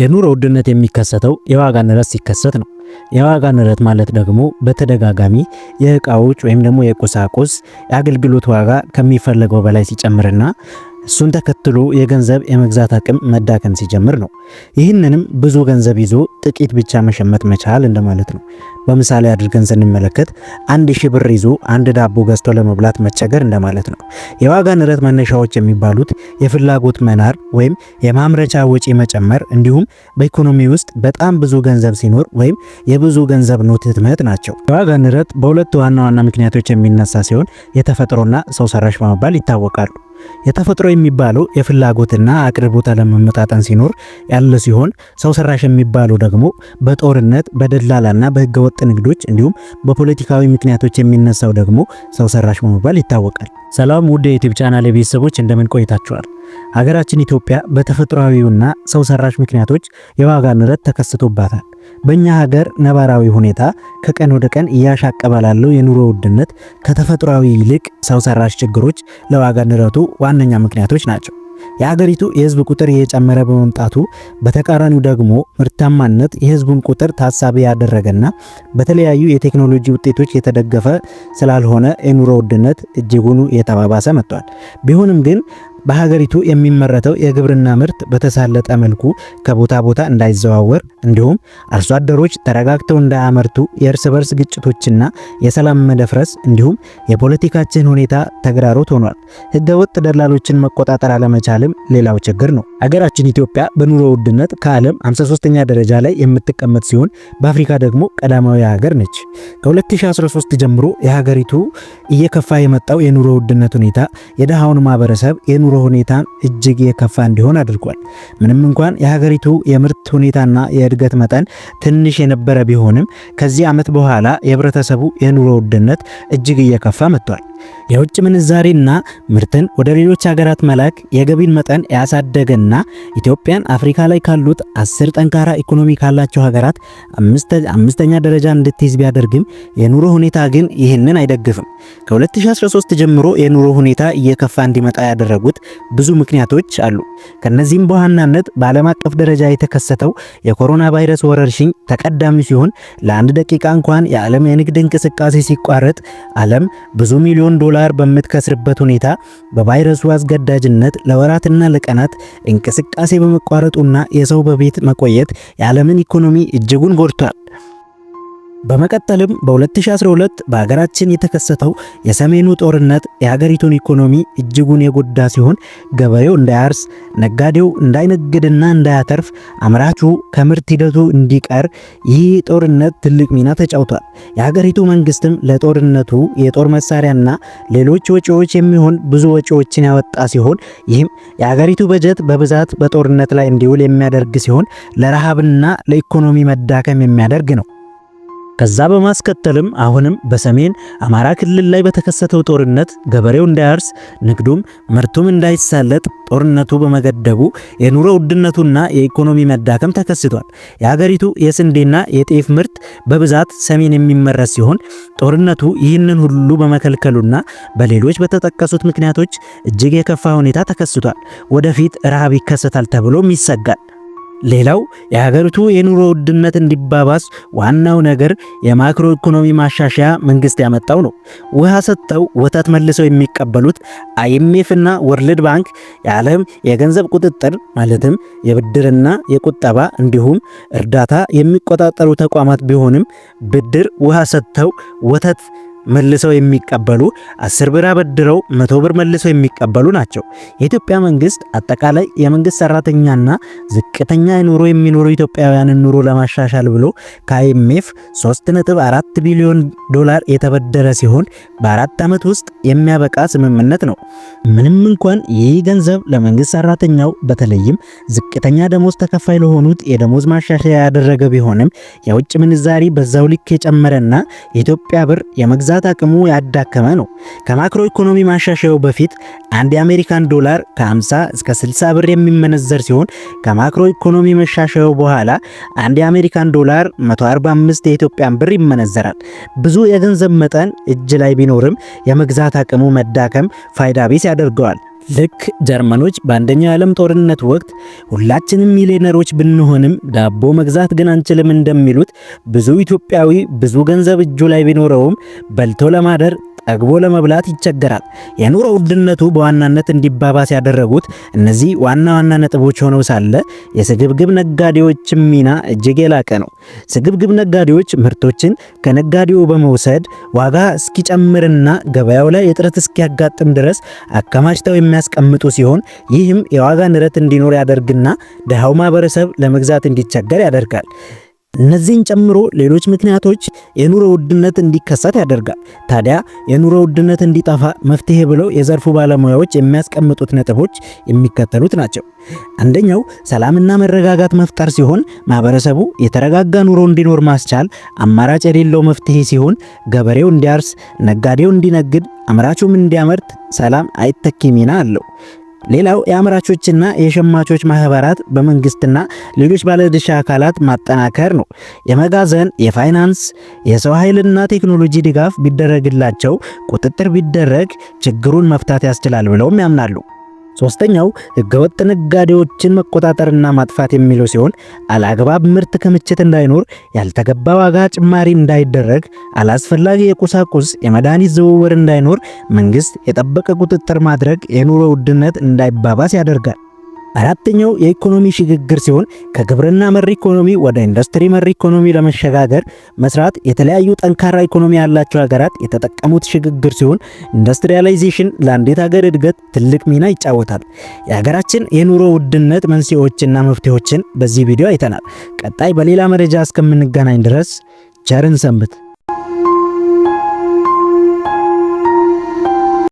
የኑሮ ውድነት የሚከሰተው የዋጋ ንረት ሲከሰት ነው። የዋጋ ንረት ማለት ደግሞ በተደጋጋሚ የእቃዎች ወይም ደግሞ የቁሳቁስ የአገልግሎት ዋጋ ከሚፈለገው በላይ ሲጨምርና እሱን ተከትሎ የገንዘብ የመግዛት አቅም መዳከም ሲጀምር ነው። ይህንንም ብዙ ገንዘብ ይዞ ጥቂት ብቻ መሸመት መቻል እንደማለት ነው። በምሳሌ አድርገን ስንመለከት አንድ ሺህ ብር ይዞ አንድ ዳቦ ገዝቶ ለመብላት መቸገር እንደማለት ነው። የዋጋ ንረት መነሻዎች የሚባሉት የፍላጎት መናር ወይም የማምረቻ ወጪ መጨመር፣ እንዲሁም በኢኮኖሚ ውስጥ በጣም ብዙ ገንዘብ ሲኖር ወይም የብዙ ገንዘብ ኖት ህትመት ናቸው። የዋጋ ንረት በሁለት ዋና ዋና ምክንያቶች የሚነሳ ሲሆን የተፈጥሮና ሰው ሰራሽ በመባል ይታወቃሉ። የተፈጥሮ የሚባለው የፍላጎትና አቅርቦት አለመመጣጠን ሲኖር ያለ ሲሆን ሰው ሰራሽ የሚባለው ደግሞ በጦርነት በደላላና በህገወጥ ንግዶች እንዲሁም በፖለቲካዊ ምክንያቶች የሚነሳው ደግሞ ሰው ሰራሽ በመባል ይታወቃል። ሰላም ውድ የዩቲዩብ ቻናል ቤተሰቦች እንደምን ቆይታችኋል? ሀገራችን ኢትዮጵያ በተፈጥሯዊውና ሰው ሰራሽ ምክንያቶች የዋጋ ንረት ተከስቶባታል። በእኛ ሀገር ነባራዊ ሁኔታ ከቀን ወደ ቀን እያሻቀበ ላለው የኑሮ ውድነት ከተፈጥሯዊ ይልቅ ሰው ሰራሽ ችግሮች ለዋጋ ንረቱ ዋነኛ ምክንያቶች ናቸው። የአገሪቱ የህዝብ ቁጥር እየጨመረ በመምጣቱ በተቃራኒው ደግሞ ምርታማነት የህዝቡን ቁጥር ታሳቢ ያደረገና በተለያዩ የቴክኖሎጂ ውጤቶች የተደገፈ ስላልሆነ የኑሮ ውድነት እጅጉኑ እየተባባሰ መጥቷል። ቢሆንም ግን በሀገሪቱ የሚመረተው የግብርና ምርት በተሳለጠ መልኩ ከቦታ ቦታ እንዳይዘዋወር እንዲሁም አርሶ አደሮች ተረጋግተው እንዳያመርቱ የእርስ በርስ ግጭቶችና የሰላም መደፍረስ እንዲሁም የፖለቲካችን ሁኔታ ተግራሮት ሆኗል። ህገወጥ ደላሎችን መቆጣጠር አለመቻልም ሌላው ችግር ነው። ሀገራችን ኢትዮጵያ በኑሮ ውድነት ከዓለም 53ኛ ደረጃ ላይ የምትቀመጥ ሲሆን በአፍሪካ ደግሞ ቀዳማዊ ሀገር ነች። ከ2013 ጀምሮ የሀገሪቱ እየከፋ የመጣው የኑሮ ውድነት ሁኔታ የደሃውን ማህበረሰብ የኑሮ ሁኔታን እጅግ የከፋ እንዲሆን አድርጓል። ምንም እንኳን የሀገሪቱ የምርት ሁኔታና የእድገት መጠን ትንሽ የነበረ ቢሆንም ከዚህ ዓመት በኋላ የህብረተሰቡ የኑሮ ውድነት እጅግ እየከፋ መጥቷል። የውጭ ምንዛሬና ምርትን ወደ ሌሎች ሀገራት መላክ የገቢን መጠን ያሳደገና ኢትዮጵያን አፍሪካ ላይ ካሉት አስር ጠንካራ ኢኮኖሚ ካላቸው ሀገራት አምስተኛ ደረጃ እንድትይዝ ቢያደርግም የኑሮ ሁኔታ ግን ይህንን አይደግፍም። ከ2013 ጀምሮ የኑሮ ሁኔታ እየከፋ እንዲመጣ ያደረጉት ብዙ ምክንያቶች አሉ። ከነዚህም በዋናነት በዓለም አቀፍ ደረጃ የተከሰተው የኮሮና ቫይረስ ወረርሽኝ ተቀዳሚ ሲሆን ለአንድ ደቂቃ እንኳን የዓለም የንግድ እንቅስቃሴ ሲቋረጥ ዓለም ብዙ ሚሊዮን ቢሊዮን ዶላር በምትከስርበት ሁኔታ በቫይረሱ አስገዳጅነት ለወራትና ለቀናት እንቅስቃሴ በመቋረጡና የሰው በቤት መቆየት የዓለምን ኢኮኖሚ እጅጉን ጎድቷል። በመቀጠልም በ2012 በሀገራችን የተከሰተው የሰሜኑ ጦርነት የሀገሪቱን ኢኮኖሚ እጅጉን የጎዳ ሲሆን ገበሬው እንዳያርስ፣ ነጋዴው እንዳይነግድና እንዳያተርፍ፣ አምራቹ ከምርት ሂደቱ እንዲቀር ይህ ጦርነት ትልቅ ሚና ተጫውቷል። የሀገሪቱ መንግስትም ለጦርነቱ የጦር መሳሪያና ሌሎች ወጪዎች የሚሆን ብዙ ወጪዎችን ያወጣ ሲሆን ይህም የሀገሪቱ በጀት በብዛት በጦርነት ላይ እንዲውል የሚያደርግ ሲሆን ለረሃብና ለኢኮኖሚ መዳከም የሚያደርግ ነው። ከዛ በማስከተልም አሁንም በሰሜን አማራ ክልል ላይ በተከሰተው ጦርነት ገበሬው እንዳያርስ ንግዱም ምርቱም እንዳይሳለጥ ጦርነቱ በመገደቡ የኑሮ ውድነቱና የኢኮኖሚ መዳከም ተከስቷል። የሀገሪቱ የስንዴና የጤፍ ምርት በብዛት ሰሜን የሚመረስ ሲሆን ጦርነቱ ይህንን ሁሉ በመከልከሉና በሌሎች በተጠቀሱት ምክንያቶች እጅግ የከፋ ሁኔታ ተከስቷል። ወደፊት ረሃብ ይከሰታል ተብሎም ይሰጋል። ሌላው የሀገሪቱ የኑሮ ውድነት እንዲባባስ ዋናው ነገር የማክሮ ኢኮኖሚ ማሻሻያ መንግስት ያመጣው ነው። ውሃ ሰጥተው ወተት መልሰው የሚቀበሉት አይኤምኤፍ እና ወርልድ ባንክ የዓለም የገንዘብ ቁጥጥር ማለትም የብድርና የቁጠባ እንዲሁም እርዳታ የሚቆጣጠሩ ተቋማት ቢሆንም ብድር ውሃ ሰጥተው ወተት መልሰው የሚቀበሉ፣ አስር ብር አበድረው መቶ ብር መልሰው የሚቀበሉ ናቸው። የኢትዮጵያ መንግስት አጠቃላይ የመንግስት ሰራተኛና ዝቅተኛ ኑሮ የሚኖሩ ኢትዮጵያውያንን ኑሮ ለማሻሻል ብሎ ከአይኤምኤፍ 3.4 ቢሊዮን ዶላር የተበደረ ሲሆን በአራት ዓመት ውስጥ የሚያበቃ ስምምነት ነው። ምንም እንኳን ይህ ገንዘብ ለመንግስት ሰራተኛው በተለይም ዝቅተኛ ደሞዝ ተከፋይ ለሆኑት የደሞዝ ማሻሻያ ያደረገ ቢሆንም የውጭ ምንዛሪ በዛው ልክ የጨመረና የኢትዮጵያ ብር የመግዛት የመግዛት አቅሙ ያዳከመ ነው። ከማክሮ ኢኮኖሚ ማሻሻያው በፊት አንድ የአሜሪካን ዶላር ከ50 እስከ 60 ብር የሚመነዘር ሲሆን ከማክሮ ኢኮኖሚ መሻሻያው በኋላ አንድ የአሜሪካን ዶላር 145 የኢትዮጵያን ብር ይመነዘራል። ብዙ የገንዘብ መጠን እጅ ላይ ቢኖርም የመግዛት አቅሙ መዳከም ፋይዳ ቢስ ያደርገዋል። ልክ ጀርመኖች በአንደኛው የዓለም ጦርነት ወቅት ሁላችንም ሚሊዮነሮች ብንሆንም ዳቦ መግዛት ግን አንችልም እንደሚሉት ብዙ ኢትዮጵያዊ ብዙ ገንዘብ እጁ ላይ ቢኖረውም በልቶ ለማደር ጠግቦ ለመብላት ይቸገራል። የኑሮ ውድነቱ በዋናነት እንዲባባስ ያደረጉት እነዚህ ዋና ዋና ነጥቦች ሆነው ሳለ የስግብግብ ነጋዴዎች ሚና እጅግ የላቀ ነው። ስግብግብ ነጋዴዎች ምርቶችን ከነጋዴው በመውሰድ ዋጋ እስኪጨምርና ገበያው ላይ እጥረት እስኪያጋጥም ድረስ አከማችተው የሚያስቀምጡ ሲሆን ይህም የዋጋ ንረት እንዲኖር ያደርግና ድሃው ማህበረሰብ ለመግዛት እንዲቸገር ያደርጋል። እነዚህን ጨምሮ ሌሎች ምክንያቶች የኑሮ ውድነት እንዲከሰት ያደርጋል። ታዲያ የኑሮ ውድነት እንዲጠፋ መፍትሄ ብለው የዘርፉ ባለሙያዎች የሚያስቀምጡት ነጥቦች የሚከተሉት ናቸው። አንደኛው ሰላምና መረጋጋት መፍጠር ሲሆን ማህበረሰቡ የተረጋጋ ኑሮ እንዲኖር ማስቻል አማራጭ የሌለው መፍትሄ ሲሆን ገበሬው እንዲያርስ፣ ነጋዴው እንዲነግድ፣ አምራቹም እንዲያመርት ሰላም አይተኪ ሚና አለው። ሌላው የአምራቾችና የሸማቾች ማህበራት በመንግስትና ሌሎች ባለድርሻ አካላት ማጠናከር ነው። የመጋዘን፣ የፋይናንስ፣ የሰው ኃይልና ቴክኖሎጂ ድጋፍ ቢደረግላቸው፣ ቁጥጥር ቢደረግ ችግሩን መፍታት ያስችላል ብለውም ያምናሉ። ሶስተኛው ህገወጥ ነጋዴዎችን መቆጣጠርና ማጥፋት የሚለው ሲሆን አላግባብ ምርት ክምችት እንዳይኖር፣ ያልተገባ ዋጋ ጭማሪ እንዳይደረግ፣ አላስፈላጊ የቁሳቁስ የመድኃኒት ዝውውር እንዳይኖር መንግስት የጠበቀ ቁጥጥር ማድረግ የኑሮ ውድነት እንዳይባባስ ያደርጋል። አራተኛው የኢኮኖሚ ሽግግር ሲሆን ከግብርና መር ኢኮኖሚ ወደ ኢንዱስትሪ መር ኢኮኖሚ ለመሸጋገር መስራት የተለያዩ ጠንካራ ኢኮኖሚ ያላቸው ሀገራት የተጠቀሙት ሽግግር ሲሆን ኢንዱስትሪያላይዜሽን ለአንዲት ሀገር እድገት ትልቅ ሚና ይጫወታል። የሀገራችን የኑሮ ውድነት መንስኤዎችና መፍትሄዎችን በዚህ ቪዲዮ አይተናል። ቀጣይ በሌላ መረጃ እስከምንገናኝ ድረስ ቸርን ሰንብት።